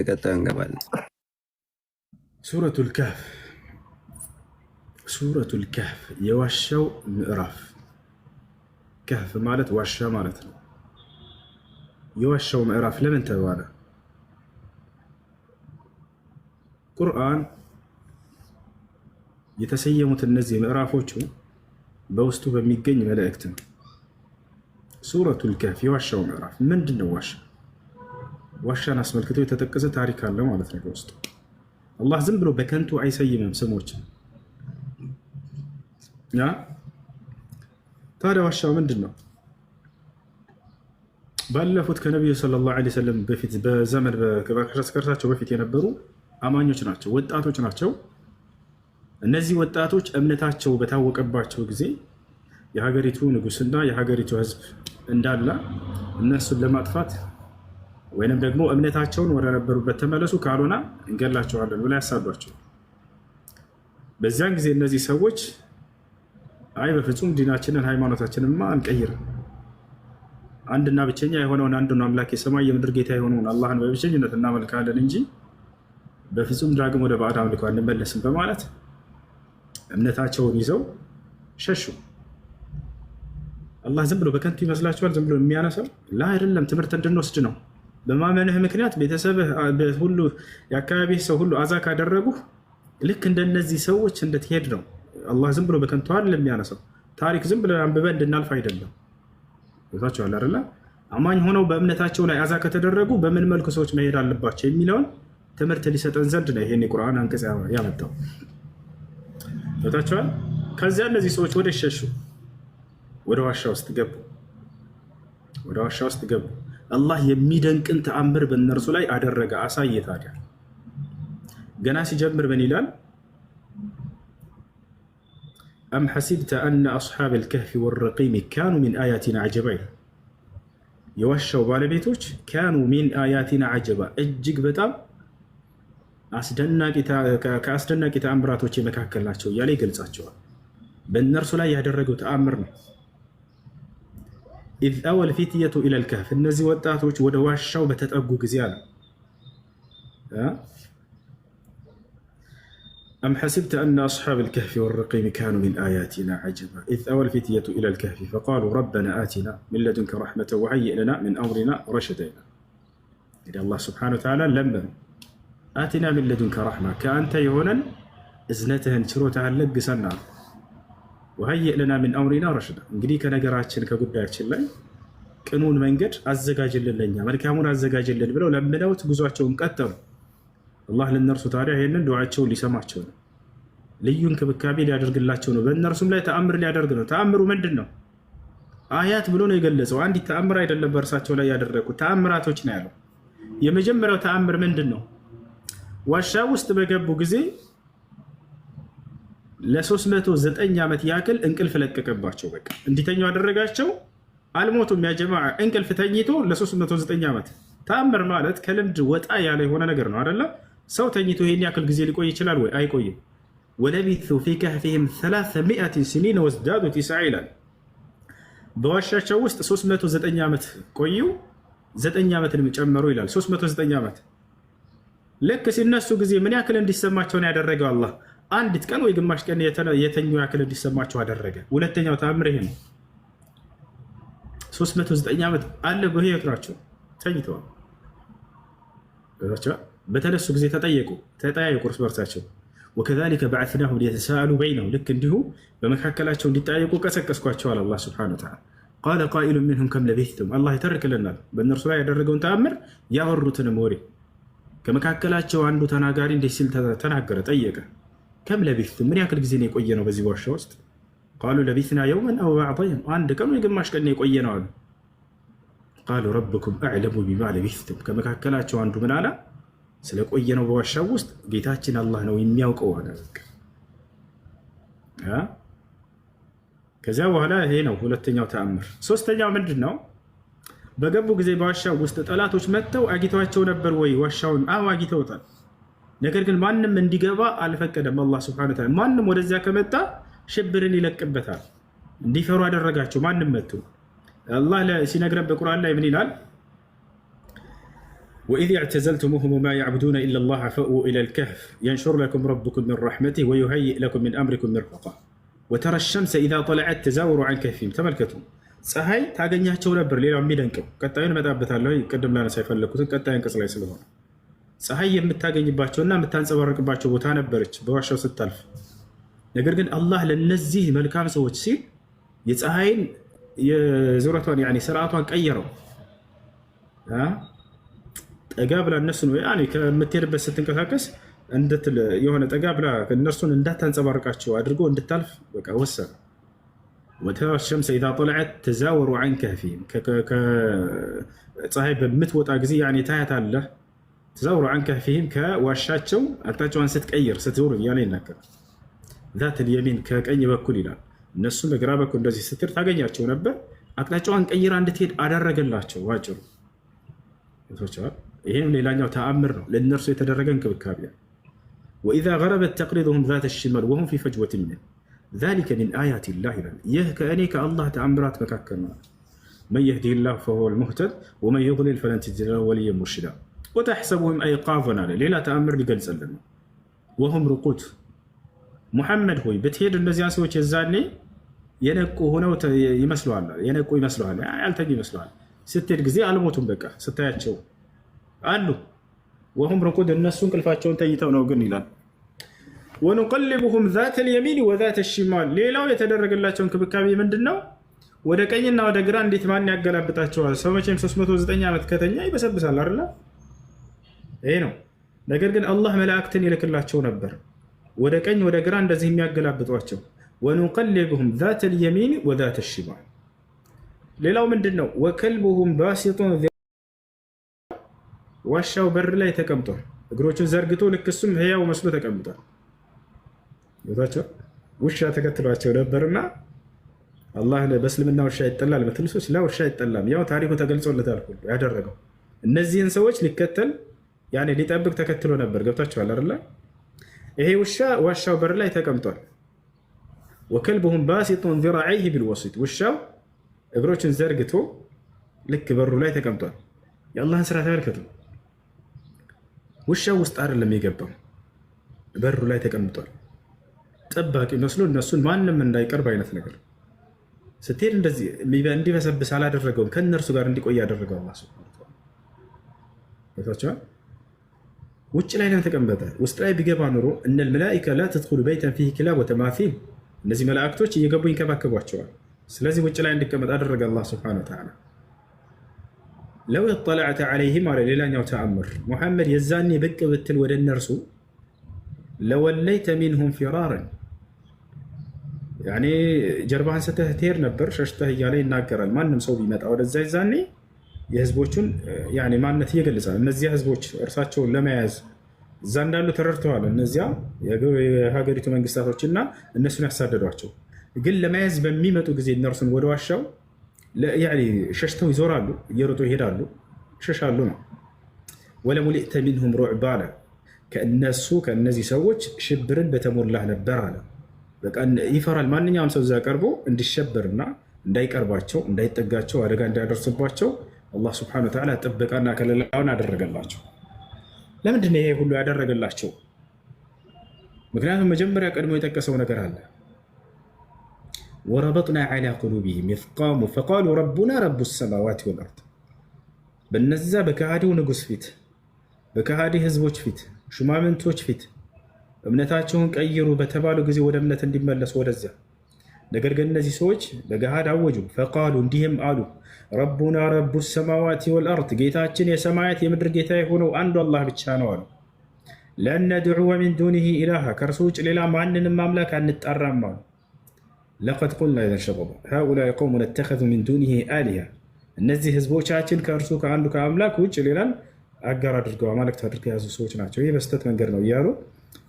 የቀጣዩ እንገባለን። ሱረቱል ካህፍ ሱረቱል ካህፍ የዋሻው ምዕራፍ። ካህፍ ማለት ዋሻ ማለት ነው። የዋሻው ምዕራፍ ለምን ተባለ? ቁርአን የተሰየሙት እነዚህ ምዕራፎቹ በውስጡ በሚገኝ መልእክት ነው። ሱረቱል ካህፍ የዋሻው ምዕራፍ ምንድን ነው? ዋሻ ዋሻን አስመልክቶ የተጠቀሰ ታሪክ አለ ማለት ነው። በውስጡ አላህ ዝም ብሎ በከንቱ አይሰይምም ስሞችን። ታዲያ ዋሻ ምንድን ነው? ባለፉት ከነቢዩ ሰለላሁ ዐለይሂ ወሰለም በፊት በዘመን ከእርሳቸው በፊት የነበሩ አማኞች ናቸው፣ ወጣቶች ናቸው። እነዚህ ወጣቶች እምነታቸው በታወቀባቸው ጊዜ የሀገሪቱ ንጉስና የሀገሪቱ ህዝብ እንዳለ እነሱን ለማጥፋት ወይንም ደግሞ እምነታቸውን ወደ ነበሩበት ተመለሱ ካልሆና እንገላቸዋለን ብላ ያሳዷቸው። በዚያን ጊዜ እነዚህ ሰዎች አይ በፍጹም ዲናችንን ሃይማኖታችንንማ አንቀይር፣ አንድና ብቸኛ የሆነውን አንዱን አምላክ የሰማይ የምድር ጌታ የሆነውን አላህን በብቸኝነት እናመልካለን እንጂ በፍጹም ዳግም ወደ ባዕድ አምልኮ አንመለስም በማለት እምነታቸውን ይዘው ሸሹ። አላህ ዝም ብሎ በከንቱ ይመስላችኋል? ዝም ብሎ የሚያነሳው ላ አይደለም፣ ትምህርት እንድንወስድ ነው። በማመንህ ምክንያት ቤተሰብህ ሁሉ የአካባቢህ ሰው ሁሉ አዛ ካደረጉ ልክ እንደነዚህ ሰዎች እንድትሄድ ነው። አላህ ዝም ብሎ በከንቱ ለሚያነሳው ታሪክ ዝም ብሎ አንብበ እንድናልፍ አይደለም። ቦታቸዋል አደለ? አማኝ ሆነው በእምነታቸው ላይ አዛ ከተደረጉ በምን መልኩ ሰዎች መሄድ አለባቸው የሚለውን ትምህርት ሊሰጠን ዘንድ ነው ይሄን የቁርአን አንቀጽ ያመጣው። ቦታቸዋል። ከዚያ እነዚህ ሰዎች ወደ ሸሹ፣ ወደ ዋሻ ውስጥ ገቡ፣ ወደ ዋሻ ውስጥ ገቡ አላህ የሚደንቅን ተአምር በእነርሱ ላይ አደረገ አሳየ። ታዲያ ገና ሲጀምር ምን ይላል? አም ሐሲብተ አነ አስሓብ ልከህፊ ወረቂም ካኑ ሚን አያቲና አጀባ ይላል። የዋሻው ባለቤቶች ካኑ ሚን አያቲና አጀባ እጅግ በጣም ከአስደናቂ ተአምራቶች መካከል ናቸው እያለ ይገልጻቸዋል። በእነርሱ ላይ ያደረገው ተአምር ነው። إذ أوى الفتية إلى الكهف النزي ወጣቶች ودواش ዋሻው በተጠጉ ጊዜ أم حسبت أن أصحاب الكهف والرقيم كانوا من آياتنا عجبا إذ أوى الفتية إلى الكهف فقالوا ربنا آتنا من لدنك رحمة وهيئ لنا من أمرنا رشدنا إلى الله سبحانه وتعالى لما آتنا من لدنك رحمة كأنت يهونا إذنتهن شروتها لقسنا ወሀይእ ለና ምን አምሪና ረሽዳ እንግዲህ ከነገራችን ከጉዳያችን ላይ ቅኑን መንገድ አዘጋጅልን ለኛ መልካሙን አዘጋጅልን ብለው ለምነውት ጉዟቸውን ቀጠሉ። አላህ ለነርሱ ታዲያ ይህንን ዱዓቸውን ሊሰማቸው ነው። ልዩ እንክብካቤ ሊያደርግላቸው ነው። በእነርሱም ላይ ተአምር ሊያደርግ ነው። ተአምሩ ምንድን ነው? አያት ብሎ ነው የገለጸው። አንዲት ተአምር አይደለም በእርሳቸው ላይ ያደረጉት ተአምራቶች ነው ያለው። የመጀመሪያው ተአምር ምንድን ነው? ዋሻ ውስጥ በገቡ ጊዜ ለ309 ዓመት ያክል እንቅልፍ ለቀቀባቸው። በቃ እንዲተኛው አደረጋቸው። አልሞቱም። ያ ጀማዓ እንቅልፍ ተኝቶ ለ309 ዓመት ተአምር ማለት ከልምድ ወጣ ያለ የሆነ ነገር ነው አደለ? ሰው ተኝቶ ይሄን ያክል ጊዜ ሊቆይ ይችላል ወይ? አይቆይም። ወለቢቱ ፊ ከህፊሂም ሰላሰ ሚአቲ ሲኒን ወዝዳዱ ቲስዓ ይላል። በዋሻቸው ውስጥ 309 ዓመት ቆዩ፣ 9 ዓመትንም ጨመሩ ይላል። 309 ዓመት ልክ ሲነሱ ጊዜ ምን ያክል እንዲሰማቸውን ያደረገው አላህ አንዲት ቀን ወይ ግማሽ ቀን የተኙ ያክል እንዲሰማቸው አደረገ። ሁለተኛው ተአምር ይሄ ነው። 309 ዓመት አለ በህይወት ናቸው ተኝተዋል። በተነሱ ጊዜ ተጠየቁ ተጠያየቁ እርስ በርሳቸው ወከዛሊከ በዓትናሁ ሊየተሳአሉ በይነው ልክ እንዲሁ በመካከላቸው እንዲጠያየቁ ቀሰቀስኳቸዋል። አላህ ሱብሓነሁ ወተዓላ ቃለ ቃኢሉን ሚንሁም ከም ለቢትቱም አላህ ይተርክልናል በእነርሱ ላይ ያደረገውን ተአምር ያወሩትንም ወሬ ከመካከላቸው አንዱ ተናጋሪ እንዲህ ሲል ተናገረ ጠየቀ ከም ለቢት ምን ያክል ጊዜ ነው የቆየ ነው በዚህ ዋሻ ውስጥ ቃሉ ለቢትና የውመን አው ባዕየም አንድ ቀን ወይ ግማሽ ቀን የቆየ ነው አሉ ቃሉ ረብኩም አዕለሙ ቢማ ለቢትም ከመካከላቸው አንዱ ምን አላ ስለቆየ ነው በዋሻው ውስጥ ጌታችን አላህ ነው የሚያውቀው አለ ከዚያ በኋላ ይሄ ነው ሁለተኛው ተአምር ሶስተኛው ምንድን ነው በገቡ ጊዜ በዋሻው ውስጥ ጠላቶች መጥተው አጊተዋቸው ነበር ወይ ዋሻውን አዎ አጊተውታል ነገር ግን ማንም እንዲገባ አልፈቀደም። አላህ ሱብሓነሁ ወተዓላ ማንም ወደዚያ ከመጣ ሽብርን ይለቅበታል። እንዲፈሩ አደረጋቸው። ማንም መጡ። አላህ ሲነግረን በቁርአን ላይ ምን ይላል? ወኢዝ ያዕተዘልቱሙሁም ወማ ያዕቡዱነ ኢለላህ ፈእው ኢለል ከህፍ የንሹር ለኩም ረብኩም ምን ረሕመቲህ ወዩሀይእ ለኩም ምን አምሪኩም ምርፈቃ ወተረ ሸምሰ ኢዛ ጠለዐት ተዛወሩ ዐን ከህፊሂም። ተመልከቱ፣ ፀሐይ ታገኛቸው ነበር። ሌላው የሚደንቀው ቀጣዩን እመጣበታለሁ። ቅድም ላነሳ የፈለግኩትን ቀጣይ አንቀጽ ላይ ስለሆነ ፀሐይ የምታገኝባቸውና የምታንጸባረቅባቸው ቦታ ነበረች በዋሻው ስታልፍ። ነገር ግን አላህ ለነዚህ መልካም ሰዎች ሲል የፀሐይን የዙረቷን ስርዓቷን ቀየረው። ጠጋ ብላ እነሱን ከምትሄድበት ስትንቀሳቀስ የሆነ ጠጋ ብላ እነርሱን እንዳታንጸባርቃቸው አድርጎ እንድታልፍ በቃ ወሰነ። ወተራ ሸምሰ ኢዛ ጠለዐት ተዛወሩ ዐን ከህፊም፣ ፀሐይ በምትወጣ ጊዜ ታያታለህ تزوروا عن كهفهم كواشاتشو أكتاتشو أن ستكأير ستزوروا يعني ناكر ذات اليمين كأني بكل إلى نسو مقرابة كل دازي ستر تاقن يأتشو نبه أكتاتشو أن كأير عند تيد أدرق الله تشو واجر إيهن ليلان يو تأمر للنرس يتدرقن كبكابيا وإذا غربت تقرضهم ذات الشمال وهم في فجوة منه ذلك من آيات الله لن يهك أنيك الله تأمرات مكاكنا من يهدي الله فهو المهتد ومن يضلل فلن تجد له وليا مرشدا ወተሕሰቡሁም አይቃዞን አለ። ሌላ ተአምር ሊገልጽልን ነው። ወሁም ርቁት ሙሐመድ ሆይ ብትሄድ እነዚያ ሰዎች የዛኔ የነቁ ሆነው ይመስለዋል፣ የነቁ ይመስለዋል፣ ያልተኙ ይመስለዋል። ስትሄድ ጊዜ አልሞቱም። በቃ ስታያቸው አሉ። ወሁም ርቁድ እነሱ እንቅልፋቸውን ተኝተው ነው ግን ይላል። ወኑቀልቡሁም ዛተ ልየሚን ወዛተ ሽማል። ሌላው የተደረገላቸው እንክብካቤ ምንድን ነው? ወደ ቀኝና ወደ ግራ እንዴት ማን ያገላብጣቸዋል? ሰው መቼም 309 ዓመት ከተኛ ይበሰብሳል አይደል? ይሄ ነው። ነገር ግን አላህ መላእክትን ይልክላቸው ነበር ወደ ቀኝ ወደ ግራ እንደዚህ የሚያገላብጧቸው። ወኑቀልብሁም ዛተ ልየሚን ወዛተ ሽማል። ሌላው ምንድን ነው? ወከልቡሁም ባሲጡን ዋሻው በር ላይ ተቀምጧል። እግሮቹን ዘርግቶ ልክ እሱም ህያው መስሎ ተቀምጧል። ቦታቸው ውሻ ተከትሏቸው ነበርና አላህ በእስልምና ውሻ ይጠላል ምትል ላ ውሻ አይጠላም። ያው ታሪኩ ተገልጾለታል ያደረገው እነዚህን ሰዎች ሊከተል ያኔ ሊጠብቅ ተከትሎ ነበር። ገብታችኋል አይደለ? ይሄ ውሻ ዋሻው በር ላይ ተቀምጧል። ወከልብሁም ባሲጡን ዚራዐይህ ቢልወሲጥ ውሻው እግሮችን ዘርግቶ ልክ በሩ ላይ ተቀምጧል። የአላህን ስራ ተመልከቱ። ውሻው ውስጥ አይደለም የገባው፣ በሩ ላይ ተቀምጧል። ጠባቂ መስሎ እነሱን ማንም እንዳይቀርብ አይነት ነገር ስትሄድ እንደዚህ እንዲበሰብስ አላደረገውም። ከእነርሱ ጋር እንዲቆይ ያደረገው አላህ ውጭ ላይ ነው የተቀመጠ። ውስጥ ላይ ቢገባ ኑሮ እነ ልመላኢካ ላ ተድኩሉ በይተን ፊህ ኪላብ ወተማሲል፣ እነዚህ መላእክቶች እየገቡ ይንከባከቧቸዋል። ስለዚህ ውጭ ላይ እንዲቀመጥ አደረገ አላህ ሱብሓነሁ ወተዓላ። ለው የጠለዐተ ዐለይሂም አለ ሌላኛው ተአምር ሙሐመድ የዛኔ ብቅ ብትል ወደ እነርሱ ለወለይተ ሚንሁም ፊራረን ያኔ ጀርባህን ስተህ ትሄድ ነበር ሸሽተህ እያለ ይናገራል። ማንም ሰው ቢመጣ ወደዛ ይዛኔ የህዝቦቹን ማንነት እየገለጸ ነው። እነዚያ ህዝቦች እርሳቸውን ለመያዝ እዛ እንዳሉ ተረድተዋል። እነዚያ የሀገሪቱ መንግስታቶች እና እነሱን ያሳደዷቸው ግን ለመያዝ በሚመጡ ጊዜ እነርሱን ወደ ዋሻው ሸሽተው ይዞራሉ፣ እየሮጡ ይሄዳሉ፣ ይሸሻሉ ነው ወለሙሊእተ ሚንሁም ሩዕባ አለ። ከእነሱ ከእነዚህ ሰዎች ሽብርን በተሞላህ ነበር አለ። በቃ ይፈራል። ማንኛውም ሰው እዛ ቀርቦ እንዲሸበርና እንዳይቀርባቸው፣ እንዳይጠጋቸው፣ አደጋ እንዳያደርስባቸው አላህ ስብሐነ ወተዓላ ጥበቃና ከለላውን አደረገላቸው። ለምንድን ነው ይሄ ሁሉ ያደረገላቸው? ምክንያቱም መጀመሪያ ቀድሞ የጠቀሰው ነገር አለ። ወረበጥና ዐላ ቁሉቢሂም ኢዝ ቃሙ ፈቃሉ ረቡና ረቡ ሰማዋት ወልአርድ። በነዛ በከሃዲው ንጉሥ ፊት፣ በከሃዲ ህዝቦች ፊት፣ ሹማምንቶች ፊት እምነታቸውን ቀይሩ በተባሉ ጊዜ ወደ እምነት እንዲመለሱ ወደዚያ ነገር ግን እነዚህ ሰዎች በገሃድ አወጁ። ፈቃሉ እንዲህም አሉ፣ ረቡና ረቡ ሰማዋት ወልአርድ፣ ጌታችን የሰማያት የምድር ጌታ የሆነው አንዱ አላህ ብቻ ነው አሉ። ለን ነድዑወ ዱኒህ ኢላሃ፣ ከእርሱ ውጭ ሌላ ማንንም አምላክ አንጣራም አሉ። ለቀድ ቁልና ይዘንሸበቡ ሃኡላ ቀውሙን ተኸዙ ሚን ዱኒህ አሊሃ፣ እነዚህ ህዝቦቻችን ከእርሱ ከአንዱ ከአምላክ ውጭ ሌላን አጋር አድርገው አማልክት አድርገው የያዙ ሰዎች ናቸው። ይህ በስተት መንገድ ነው እያሉ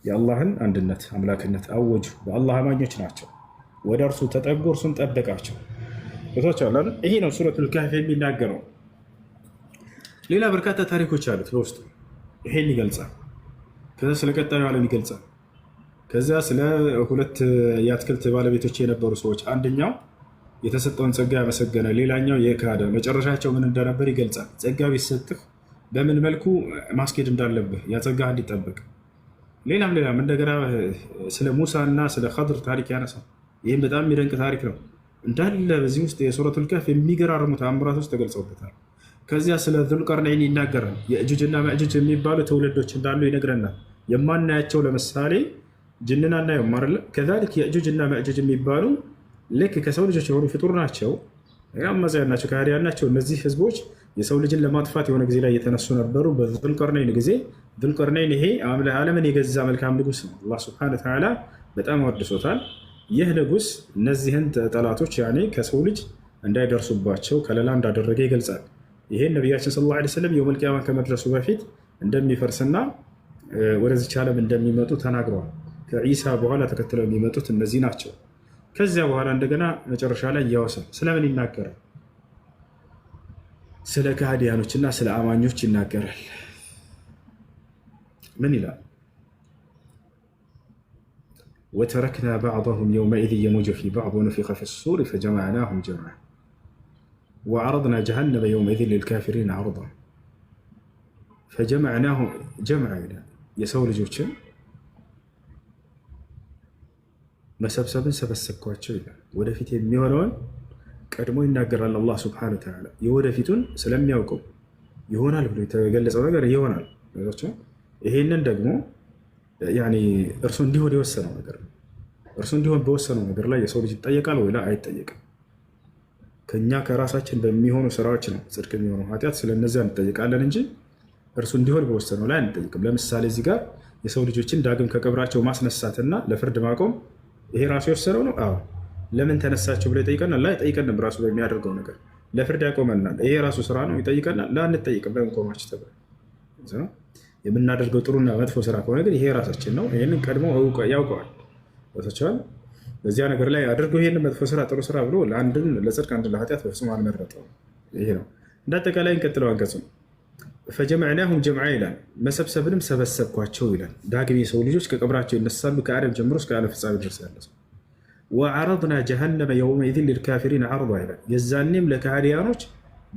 የአላህን አንድነት አምላክነት አወጁ። በአላህ አማኞች ናቸው። ወደ እርሱ ተጠጉ፣ እርሱን ጠበቃቸው። ቦታዎች ይሄ ነው ሱረቱል ካህፍ የሚናገረው። ሌላ በርካታ ታሪኮች አሉት በውስጡ። ይሄን ይገልጻል። ከዛ ስለ ቀጣዩ ዓለም ይገልጻል። ከዛ ስለ ሁለት የአትክልት ባለቤቶች የነበሩ ሰዎች፣ አንደኛው የተሰጠውን ጸጋ ያመሰገነ፣ ሌላኛው የካደ፣ መጨረሻቸው ምን እንደነበር ይገልጻል። ጸጋ ቢሰጥህ በምን መልኩ ማስኬድ እንዳለብህ ያጸጋ እንዲጠበቅ፣ ሌላም ሌላም። እንደገና ስለ ሙሳ እና ስለ ኸድር ታሪክ ያነሳል። ይህም በጣም የሚደንቅ ታሪክ ነው። እንዳለ በዚህ ውስጥ የሱረቱል ከህፍ የሚገራርሙ ተአምራት ውስጥ ተገልጸውበታል። ከዚያ ስለ ዙልቀርነይን ይናገራል። የእጁጅና መእጁጅ የሚባሉ ትውልዶች እንዳሉ ይነግረናል። የማናያቸው ለምሳሌ ጅንን አናየውም አይደለ? ከዛልክ የእጁጅና መእጁጅ የሚባሉ ልክ ከሰው ልጆች የሆኑ ፍጡር ናቸው። አማጽያን ናቸው፣ ከሃዲያን ናቸው። እነዚህ ህዝቦች የሰው ልጅን ለማጥፋት የሆነ ጊዜ ላይ የተነሱ ነበሩ። በዙልቀርነይን ጊዜ ዙልቀርነይን ይሄ ዓለምን የገዛ መልካም ንጉስ ነው። አላህ ሱብሃነሁ ወተዓላ በጣም አወድሶታል። ይህ ንጉስ እነዚህን ጠላቶች ያኔ ከሰው ልጅ እንዳይደርሱባቸው ከለላ እንዳደረገ ይገልጻል። ይሄን ነቢያችን ሰለላሁ ዐለይሂ ወሰለም የውመል ቂያማ ከመድረሱ በፊት እንደሚፈርስና ወደዚች ዓለም እንደሚመጡ ተናግረዋል። ከኢሳ በኋላ ተከትለው የሚመጡት እነዚህ ናቸው። ከዚያ በኋላ እንደገና መጨረሻ ላይ እያወሳል። ስለምን ይናገራል? ስለ ከሃዲያኖችና ስለ አማኞች ይናገራል። ምን ይላል? وتركنا بعضهم يومئذ يموج في بعض ونفخ في الصور فجمعناهم جمعا وعرضنا جهنم يومئذ للكافرين عرضا فجمعناهم جمعا يا سول جوتشن ما سب سب سب ولا في ቀድሞ ይናገራል አላ ስብሃነ ተዓላ የወደፊቱን ስለሚያውቀው ይሆናል ብሎ የተገለጸው ነገር ይሆናል ይሄንን ደግሞ እርሱ እንዲሆን የወሰነው ነገር ነው። እርሱ እንዲሆን በወሰነው ነገር ላይ የሰው ልጅ ይጠየቃል ወይ? አይጠየቅም። ከኛ ከራሳችን በሚሆኑ ስራዎች ነው ጽድቅ የሚሆነው ኃጢአት፣ ስለነዚያ እንጠይቃለን እንጂ እርሱ እንዲሆን በወሰነው ላይ አንጠይቅም። ለምሳሌ እዚህ ጋር የሰው ልጆችን ዳግም ከቀብራቸው ማስነሳትና ለፍርድ ማቆም ይሄ ራሱ የወሰነው ነው። አዎ ለምን ተነሳቸው ብሎ ይጠይቀናል? ላይ ጠይቀንም ራሱ በሚያደርገው ነገር ለፍርድ ያቆመናል። ይሄ ራሱ ስራ ነው። ይጠይቀናል? ላንጠይቅም አንጠይቅም። ለምን ነው። የምናደርገው ጥሩና መጥፎ ስራ ከሆነ ግን ይሄ ራሳችን ነው። ይህንን ቀድሞ ያውቀዋል ራሳቸዋል በዚያ ነገር ላይ አድርጎ ይህን መጥፎ ስራ ጥሩ ስራ ብሎ ለአንድን ለጽድቅ አንድን ለኃጢአት በፍጹም አልመረጠው። ይሄ ነው እንደ አጠቃላይ እንቀጥለው። አንቀጽ ነው ፈጀመዕናሁም ጀምዓ ይላል፣ መሰብሰብንም ሰበሰብኳቸው ይላል። ዳግም የሰው ልጆች ከቀብራቸው ይነሳሉ። ከአደም ጀምሮ እስከ ዓለም ፍጻሜ ድረስ ያለ ሰው ወዐረድና ጀሃነመ የውመኢዝን ልልካፊሪን ዐርዷ ይላል። የዛኔም ለካህዲያኖች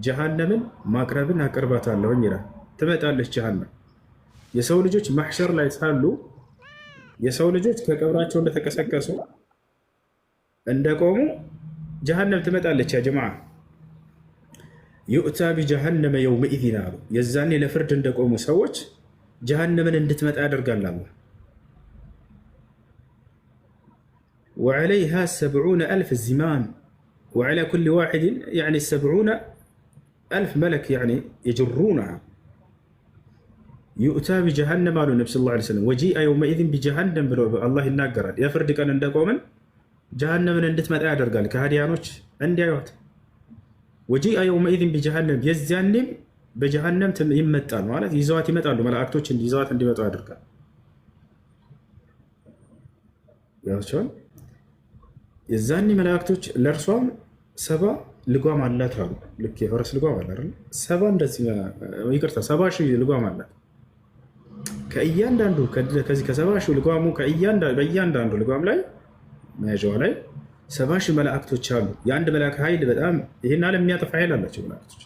ጀሃነምን ማቅረብን አቅርባታለሁኝ ይላል። ትመጣለች ጀሃነም የሰው ልጆች ማሕሸር ላይ ሳሉ የሰው ልጆች ከቀብራቸው እንደተቀሰቀሱ እንደቆሙ ጀሃነም ትመጣለች። ያጀማ ጀማ ዩእታ ቢጀሃነመ የውመኢዚን አሉ። የዛኔ ለፍርድ እንደቆሙ ሰዎች ጀሃነምን እንድትመጣ ያደርጋል አሉ። ወዐለይሃ ሰብዑነ አልፍ ዚማም ወዐላ ኩሊ ዋሒድን ሰብዑነ አልፍ መለክ የጅሩና ዩእታ ቢጀሃነም አሉ ነቢ ስለ ላ ስለም ወጂአ የውመኢዝን ቢጀሃነም ብሎ አላህ ይናገራል። የፍርድ ቀን እንደቆምን ጀሃነምን እንድትመጣ ያደርጋል። ከሃዲያኖች እንዲያዩት ወጂአ የውመኢዝን ቢጀሃነም የዚያኔም በጀሃነም ይመጣል ማለት ይዘዋት ይመጣሉ መላእክቶች ይዘዋት እንዲመጡ ያደርጋል። ያቸውን የዛኔ መላእክቶች ለእርሷም ሰባ ልጓም አላት አሉ። ልክ የፈረስ ልጓም አለ ሰባ እንደዚህ ይቅርታ፣ ሰባ ሺህ ልጓም አላት ከእያንዳንዱ ከዚህ ከሰባ ሺህ ልጓሙ በእያንዳንዱ ልጓም ላይ መያዣዋ ላይ ሰባ ሺህ መላእክቶች አሉ። የአንድ መልአክ ኃይል በጣም ይህን ዓለም የሚያጠፋ ኃይል አላቸው መላእክቶች።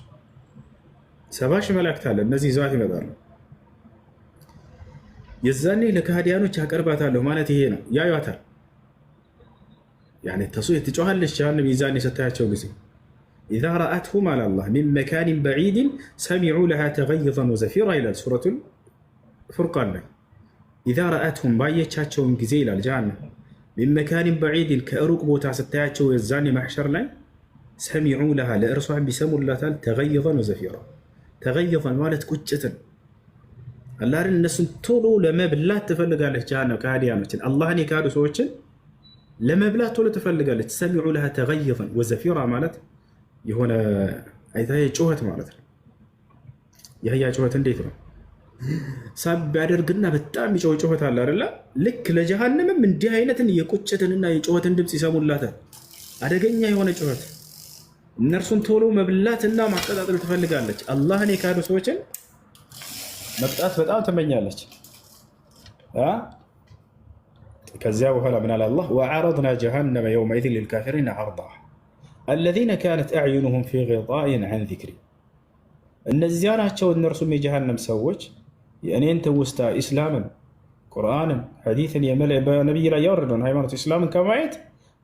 ሰባ ሺህ መላእክት አለ። እነዚህ ይዘዋት ይመጣሉ። የዛኔ ለካህዲያኖች አቀርባታለሁ ማለት ይሄ ነው። ያዩታል። ተሱ ትጮኻለች ያን ሚዛን የሰታያቸው ጊዜ ኢዛ ረአትሁም አላ ላህ ሚን መካኒን በዒድን ሰሚዑ ለሃ ተገይዘን ወዘፊራ ይላል ሱረቱን ፉርቃን ላይ ኢዛ ረአትሁም ባየቻቸውም ጊዜ ይላል ጀሃነም ሚን መካኒን በዒድን ከሩቅ ቦታ ስታያቸው የዛኔ ማሕሸር ላይ ሰሚዑ ለሃ ለእርሷ ቢሰሙላታል ተገይዘን ወዘፊራ ተገይዘን ማለት ቁጭትን አላህን እነሱን ቶሎ ለመብላት ትፈልጋለች ጀሃነም ከሃዲያኖችን አላህን የካዱ ሰዎችን ለመብላት ቶሎ ትፈልጋለች ሰሚዑ ለሃ ተገይዘን ወዘፊራ ማለት የሆነ አይታ ጩኸት ማለት ነው የህያ ጩኸት እንዴት ነው ሳብ ያደርግና በጣም ይጮህ ጩኸት አለ አይደለ? ልክ ለጀሃነምም እንዲህ አይነትን የቁጭትንና የጩኸትን ድምፅ ይሰሙላታል። አደገኛ የሆነ ጩኸት። እነርሱን ቶሎ መብላትና ማቀጣጠል ትፈልጋለች። አላህን የካዱ ሰዎችን መቅጣት በጣም ትመኛለች። ከዚያ በኋላ ምን አለ አላህ? ወዐረድና ጀሃነመ የውመኢዝን ሊልካፊሪን ዐርዳ አለዚነ ካነት አዕዩኑሁም ፊ ጊጣኢን ዐን ዚክሪ እነዚያ ናቸው እነርሱም የጀሃነም ሰዎች يعني انت وستا اسلاما قرانا حديثا يا يملا نبي لا يورد هاي هيمنه إسلاما كما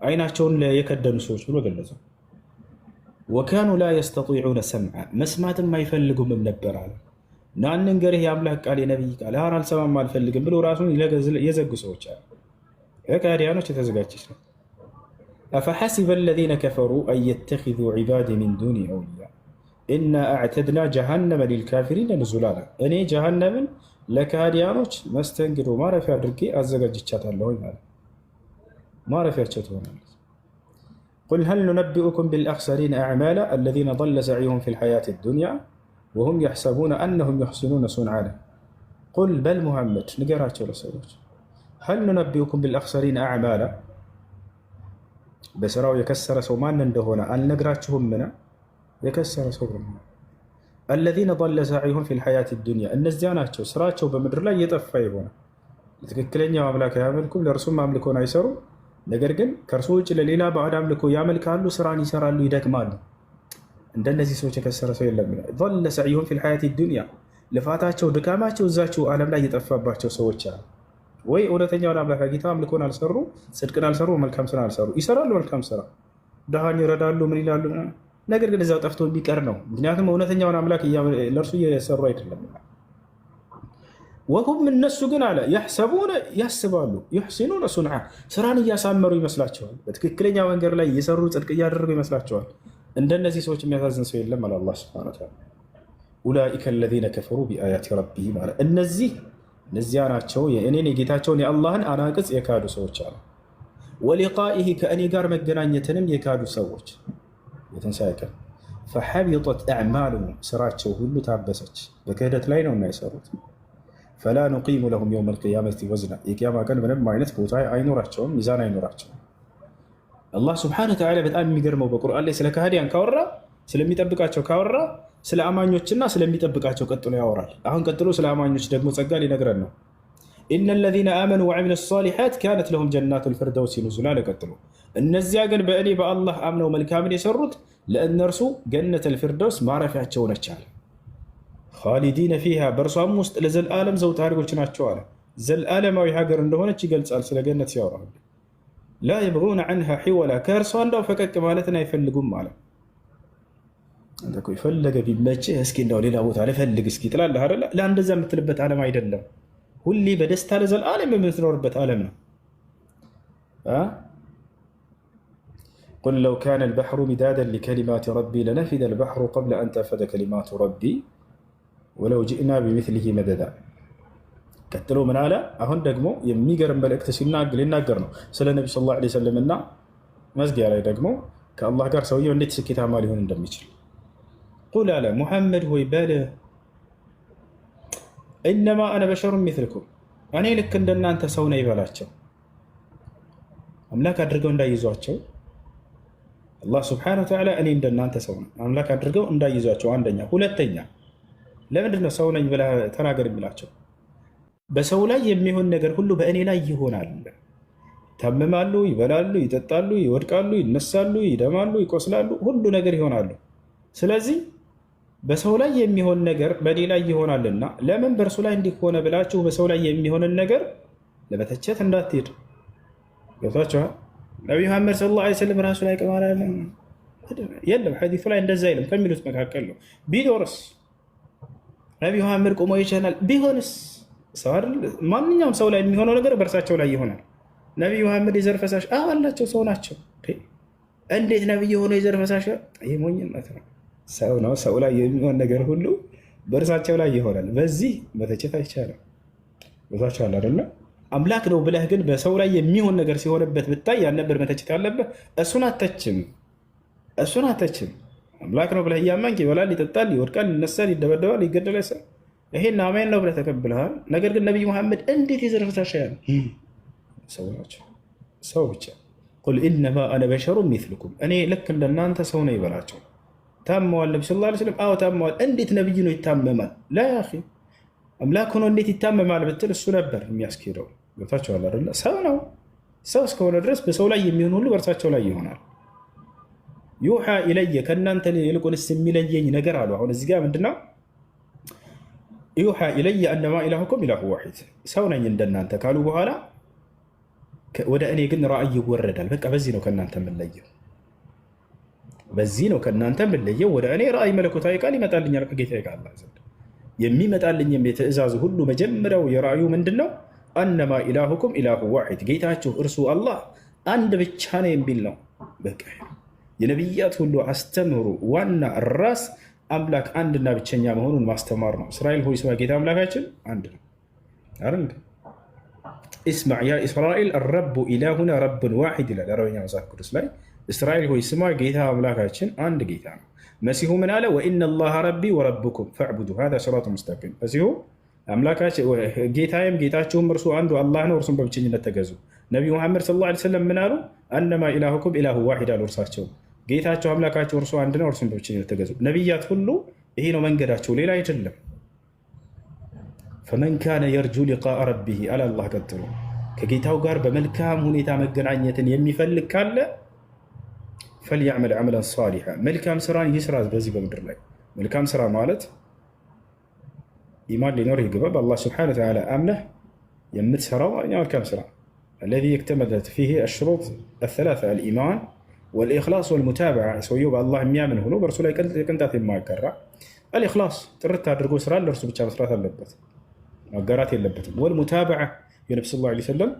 اين اتون لا يكدن سوس بلو جلزو. وكانوا لا يستطيعون سمع مسمات ما يفلقهم من نبر على نان نقره يا ملك قال نبي قال هذا السماء ما الفلق بلو راسون يزق سوس هيك هذه انا تزقتش افحسب الذين كفروا ان يتخذوا عبادي من دوني اولياء إنا أعتدنا جهنم للكافرين نزولانا نزلا እኔ ጀሃነምን ለካዲያኖች መስተንግዶ ማረፊያ አድርጌ አዘጋጅቻታለሁ ይላል ማረፊያቸው ትሆናለች قل هل ننبئكم بالأخسرين أعمالا الذين ضل سعيهم في الحياة الدنيا وهم يحسبون أنهم يحسنون صنعا قل بل محمد نقراتشو لسيوش هل ننبئكم بالأخسرين أعمالا بسراو يكسر سومان ندهونا أن نقراتشهم منه የከሰረ ሰው አለዚነ ለ ሳዒሁም ፊል ዱንያ እነዚያ ናቸው ስራቸው በምድር ላይ የጠፋ የሆነ ትክክለኛው አምላክ አያመልኩም፣ ለእርሱም አምልኮን አይሰሩም። ነገር ግን ከእርሱ ውጭ ለሌላ ባዕድ አምልኮ ያመልካሉ፣ ስራን ይሰራሉ፣ ይደክማሉ። እንደነዚህ ሰዎች የከሰረ ሰው የለም። ለ ሳዒሁም ፊል ዱንያ ልፋታቸው፣ ድካማቸው እዛችው ዓለም ላይ የጠፋባቸው ሰዎች አሉ ወይ? እውነተኛውን አምላክ ጌታ አምልኮን አልሰሩ፣ ጽድቅን አልሰሩ፣ መልካም ስራ አልሰሩ። ይሰራሉ መልካም ስራ፣ ድሃን ይረዳሉ፣ ምን ይላሉ ነገር ግን እዛው ጠፍቶ ቢቀር ነው። ምክንያቱም እውነተኛውን አምላክ ለእርሱ እየሰሩ አይደለም። ወሁም እነሱ ግን አለ ያሰቡነ ያስባሉ ዩሕሲኑነ ሱንዓ ስራን እያሳመሩ ይመስላቸዋል። በትክክለኛ መንገድ ላይ እየሰሩ ጽድቅ እያደረጉ ይመስላቸዋል። እንደነዚህ ሰዎች የሚያሳዝን ሰው የለም አለ አላህ ሱብሓነሁ ወተዓላ። ኡላኢከ አለዚነ ከፈሩ ቢአያቲ ረቢሂም አለ እነዚህ እነዚያ ናቸው የእኔን የጌታቸውን የአላህን አናቅጽ የካዱ ሰዎች አለ ወሊቃኢሂ ከእኔ ጋር መገናኘትንም የካዱ ሰዎች የትንሣኤ ቀን ፈሐቢጠት አዕማሉ ስራቸው ሁሉ ታበሰች። በክህደት ላይ ነው የሰሩት። ፈላ ኑቂሙ ለሁም የውም ልቅያመት ወዝና የቅያማ ቀን ምንም አይነት ቦታ አይኖራቸውም፣ ሚዛን አይኖራቸውም። አላህ ስብሐነሁ ወተዓላ በጣም የሚገርመው በቁርአን ላይ ስለ ካህዲያን ካወራ ስለሚጠብቃቸው ካወራ ስለ አማኞችና ስለሚጠብቃቸው ቀጥሎ ያወራል። አሁን ቀጥሎ ስለ አማኞች ደግሞ ጸጋ ሊነግረን ነው። ኢነ ለዚነ አመኑ ወዐሚሉ ሷሊሓት ካነት ለሁም ጀናቱ ልፊርደውሲ ኑዙላ ለቀጥሎ እነዚያ ግን በእኔ በአላህ አምነው መልካምን የሰሩት ለእነርሱ ገነት ልፊርደውስ ማረፊያቸው ነች አለ። ኻሊዲነ ፊሃ በእርሷም ውስጥ ለዘልዓለም ዘውታሪዎች ናቸው አለ። ዘልዓለማዊ ሀገር እንደሆነች ይገልጻል። ስለ ገነት ሲያወራሉ ላ የብغነ ዐንሃ ሒወላ ከእርሷ እንዳው ፈቀቅ ማለትን አይፈልጉም ማለት ይፈለገ ቢመችህ እስኪ እንዳው ሌላ ቦታ ላይ እስኪ ትላለህ አይደለ? ለእንደዛ የምትልበት ዓለም አይደለም። ሁሌ በደስታ ለዘላለም የምትኖርበት ዓለም ነው። ቁል ለው ካነ ልባሕሩ ሚዳደን ሊከሊማት ረቢ ለነፊደ ልባሕሩ ቀብለ አን ተንፈደ ከሊማቱ ረቢ ወለው ጅእና ቢሚስሊሂ መደዳ። ቀጥሎ ምን አለ? አሁን ደግሞ የሚገርም መልእክት ሊናገር ነው ስለ ነቢ ስ ላ ሰለም እና መዝጊያ ላይ ደግሞ ከአላህ ጋር ሰውየው እንዴት ስኬታማ ሊሆን እንደሚችል ቁል አለ ሙሐመድ ሆይ በለ ኢነማ አነ በሸሩ ሚስልኩም እኔ ልክ እንደናንተ ሰው ነኝ ይበላቸው። አምላክ አድርገው እንዳይዟቸው አላህ ስብሐነ ወተዓላ እኔ እንደናንተ ሰው ነኝ አምላክ አድርገው እንዳይዟቸው። አንደኛ። ሁለተኛ ለምንድን ነው ሰው ነኝ ብለህ ተናገር የሚላቸው? በሰው ላይ የሚሆን ነገር ሁሉ በእኔ ላይ ይሆናል። ታምማሉ፣ ይበላሉ፣ ይጠጣሉ፣ ይወድቃሉ፣ ይነሳሉ፣ ይደማሉ፣ ይቆስላሉ፣ ሁሉ ነገር ይሆናሉ። ስለዚህ በሰው ላይ የሚሆን ነገር በእኔ ላይ ይሆናልና ለምን በእርሱ ላይ እንዲሆነ ብላችሁ በሰው ላይ የሚሆንን ነገር ለመተቸት እንዳትሄድ። ገብቷችኋል? ነቢ መሐመድ ስለ ላ ስለም ራሱ ላይ ቅማል የለም ሐዲሱ ላይ እንደዛ የለም ከሚሉት መካከል ነው። ቢኖርስ ነቢ መሐመድ ቁሞ ይችላል። ቢሆንስ ማንኛውም ሰው ላይ የሚሆነው ነገር በእርሳቸው ላይ ይሆናል። ነቢ መሐመድ የዘር ፈሳሽ አላቸው፣ ሰው ናቸው። እንዴት ነቢይ የሆነ የዘር ፈሳሽ? ይህ ሞኝነት ነው። ሰው ነው። ሰው ላይ የሚሆን ነገር ሁሉ በእርሳቸው ላይ ይሆናል። በዚህ መተቸት አይቻልም። ዛቸዋል አደለ አምላክ ነው ብለህ ግን በሰው ላይ የሚሆን ነገር ሲሆንበት ብታይ ያን ነበር መተቸት ያለብህ። እሱን አተችም፣ እሱን አተችም። አምላክ ነው ብለህ እያመንክ ይበላል፣ ይጠጣል፣ ይወድቃል፣ ይነሳል፣ ይደበደባል፣ ይገደል። ሰው ይሄን አሜን ነው ብለህ ተቀብለሃል። ነገር ግን ነቢይ መሐመድ እንዴት የዘር ፍሳሻ ሰው ናቸው፣ ሰው ብቻ ቁል ኢነማ አነ በሸሩ ሚትልኩም እኔ ልክ እንደናንተ ሰው ነው ይበላቸው ታመዋል። ነቢ ስለ ላ ስለም አዎ ታመዋል። እንዴት ነብይ ነው ይታመማል? ላ አምላክ ሆኖ እንዴት ይታመማል ብትል እሱ ነበር የሚያስኬደው። ገብታችኋል አይደለ? ሰው ነው። ሰው እስከሆነ ድረስ በሰው ላይ የሚሆን ሁሉ በእርሳቸው ላይ ይሆናል። ዩሓ ኢለየ ከእናንተ ይልቁንስ የሚለየኝ ነገር አሉ። አሁን እዚህ ጋ ምንድነው? ዩሓ ኢለየ አነማ ኢላሁኩም ኢላሁ ዋሒድ ሰው ነኝ እንደናንተ ካሉ በኋላ ወደ እኔ ግን ራእይ ይወረዳል። በቃ በዚህ ነው ከእናንተ የምለየው በዚህ ነው ከእናንተ የምለየው፣ ወደ እኔ ራእይ መለኮታዊ ቃል ይመጣልኛል ከጌታዬ ቃል ዘንድ የሚመጣልኝም ሁሉ መጀመሪያው የራእዩ ምንድን ነው? አነማ ኢላሁኩም ኢላሁ ዋሒድ ጌታችሁ እርሱ አላህ አንድ ብቻ ነው የሚል ነው። በቃ የነቢያት ሁሉ አስተምሩ ዋና ራስ አምላክ አንድና ብቸኛ መሆኑን ማስተማር ነው። እስራኤል ሆይ ስማ፣ ጌታ አምላካችን አንድ ነው። አረንግ እስማዕ ያ እስራኤል ረቡ ኢላሁና ረብን ዋሒድ ይላል አረበኛ መጽሐፍ ቅዱስ ላይ እስራኤል ሆይ ስማ፣ ጌታ አምላካችን አንድ ጌታ ነው። መሲሁ ምን አለ? ወኢነ ላሀ ረቢ ወረብኩም ፈዕቡዱ ሀዛ ሲራጡ ሙስተቂም። መሲሁ ጌታዬም ጌታችሁም እርሱ አንዱ አላህ ነው፣ እርሱም በብቸኝነት ተገዙ። ነቢ ሙሐመድ ሰለላሁ ዓለይሂ ወሰለም ምን አሉ? አነማ ኢላሁኩም ኢላሁ ዋሂድ አሉ። እርሳቸው ጌታቸው አምላካቸው እርሱ አንድ ነው፣ እርሱም በብቸኝነት ተገዙ። ነቢያት ሁሉ ይሄ ነው መንገዳቸው፣ ሌላ አይደለም። ፈመን ካነ የርጁ ሊቃ ረቢህ አለ አላህ ቀጥሎ ከጌታው ጋር በመልካም ሁኔታ መገናኘትን የሚፈልግ ካለ ፈልያዕመል ዓመለን ሳሊሓ መልካም ስራን ይስራ በዚህ በምድር ላይ መልካም ስራ ማለት ኢማን ሊኖር ይገባ በአላህ ስብሓነ ወተዓላ አምነህ የምትሰራው መልካም ስራ الذي اكتملت فيه الشروط الثلاثة الإيمان والإخلاص والمتابعة ሰውየው በአላህ የሚያምን ሆኖ በእርሱ ላይ ቅንጣት የማይቀራ አልኢኽላስ ጥርት አድርጎ ስራ ለእርሱ ብቻ መስራት አለበት፣ ማጋራት የለበትም። ወልሙታበዓ የነቢ ስ ላ ሰለም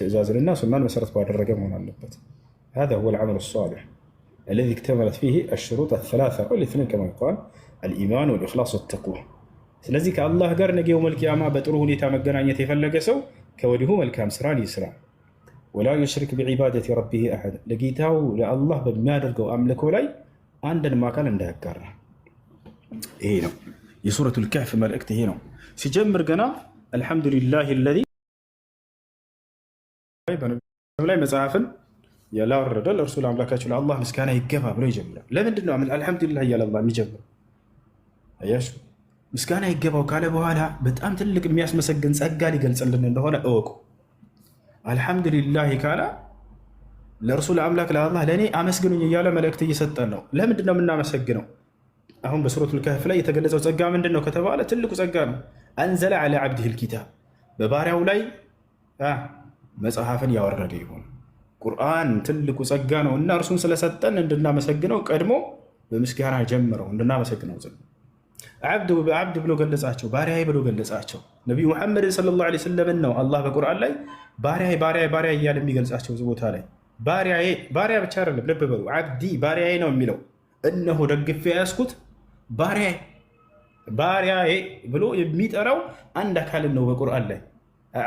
ትእዛዝንና ሱናን መሰረት ባደረገ መሆን አለበት። هذا هو العمل الصالح الذي اكتملت فيه الشروط الثلاثة والاثنين كما يقال الإيمان والإخلاص والتقوى ስለዚህ ከአላህ ጋር ነገ የውመል ቂያማ በጥሩ ሁኔታ መገናኘት የፈለገ ሰው ከወዲሁ መልካም ስራን ይስራ። ወላ ዩሽሪክ ቢዒባደቲ ረቢህ አሐድ ለጌታው ለአላህ በሚያደርገው አምልኮ ላይ አንድንም አካል እንዳያጋራ። ይሄ ነው የሱረቱል ከህፍ መልእክት ይሄ ነው። ሲጀምር ገና አልሐምዱሊላህ ለዚ ላይ መጽሐፍን ያላወረደ ለእርሱ ለአምላካቸው ለአላህ ምስጋና ይገባ ብሎ ይጀምራል። ለምንድን ነው አልሐምዱሊላህ እያለ አላህ የሚጀምረው? አያችሁ ምስጋና ይገባው ካለ በኋላ በጣም ትልቅ የሚያስመሰግን ጸጋ ሊገልጽልን እንደሆነ እወቁ። አልሐምዱሊላህ ካለ ለእርሱ ለአምላክ ለአላህ ለእኔ አመስግኑኝ እያለ መልእክት እየሰጠን ነው። ለምንድን ነው የምናመሰግነው? አሁን በሱረቱል ከህፍ ላይ የተገለጸው ጸጋ ምንድን ነው ከተባለ ትልቁ ጸጋ ነው። አንዘለ አላ ዓብዲህ ልኪታብ በባሪያው ላይ መጽሐፍን ያወረደ ይሆን ቁርአን ትልቁ ጸጋ ነው እና እርሱን ስለሰጠን እንድናመሰግነው ቀድሞ በምስጋና ጀምረው እንድናመሰግነው ዝ ዓብድ በዓብድ ብሎ ገለጻቸው፣ ባሪያዬ ብሎ ገለጻቸው። ነቢዩ ሙሐመድን ሰለላሁ ዐለይሂ ወሰለምን ነው አላህ በቁርአን ላይ ባሪያ ባሪያ ባሪያ እያለ የሚገልጻቸው እዚህ ቦታ ላይ ባሪያዬ ባሪያ ብቻ አይደለም፣ ልብ በሉ። ዓብዲ ባሪያዬ ነው የሚለው እነሆ ደግፌ ያስኩት ባሪያ ባሪያዬ ብሎ የሚጠራው አንድ አካልን ነው በቁርአን ላይ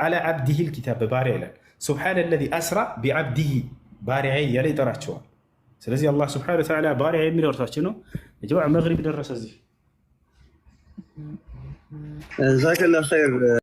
አላ ዓብዲሂል ኪታብ በባሪያ ይላል ሱብሓነ ለዚ አስራ ቢዓብድሂ ባሪያ እያለ ይጠራቸዋል። ስለዚህ አላህ ሱብሓነሁ ወተዓላ ባሪያ የሚል ወርታችን ነው። መግሪብ ደረሰ እዚህ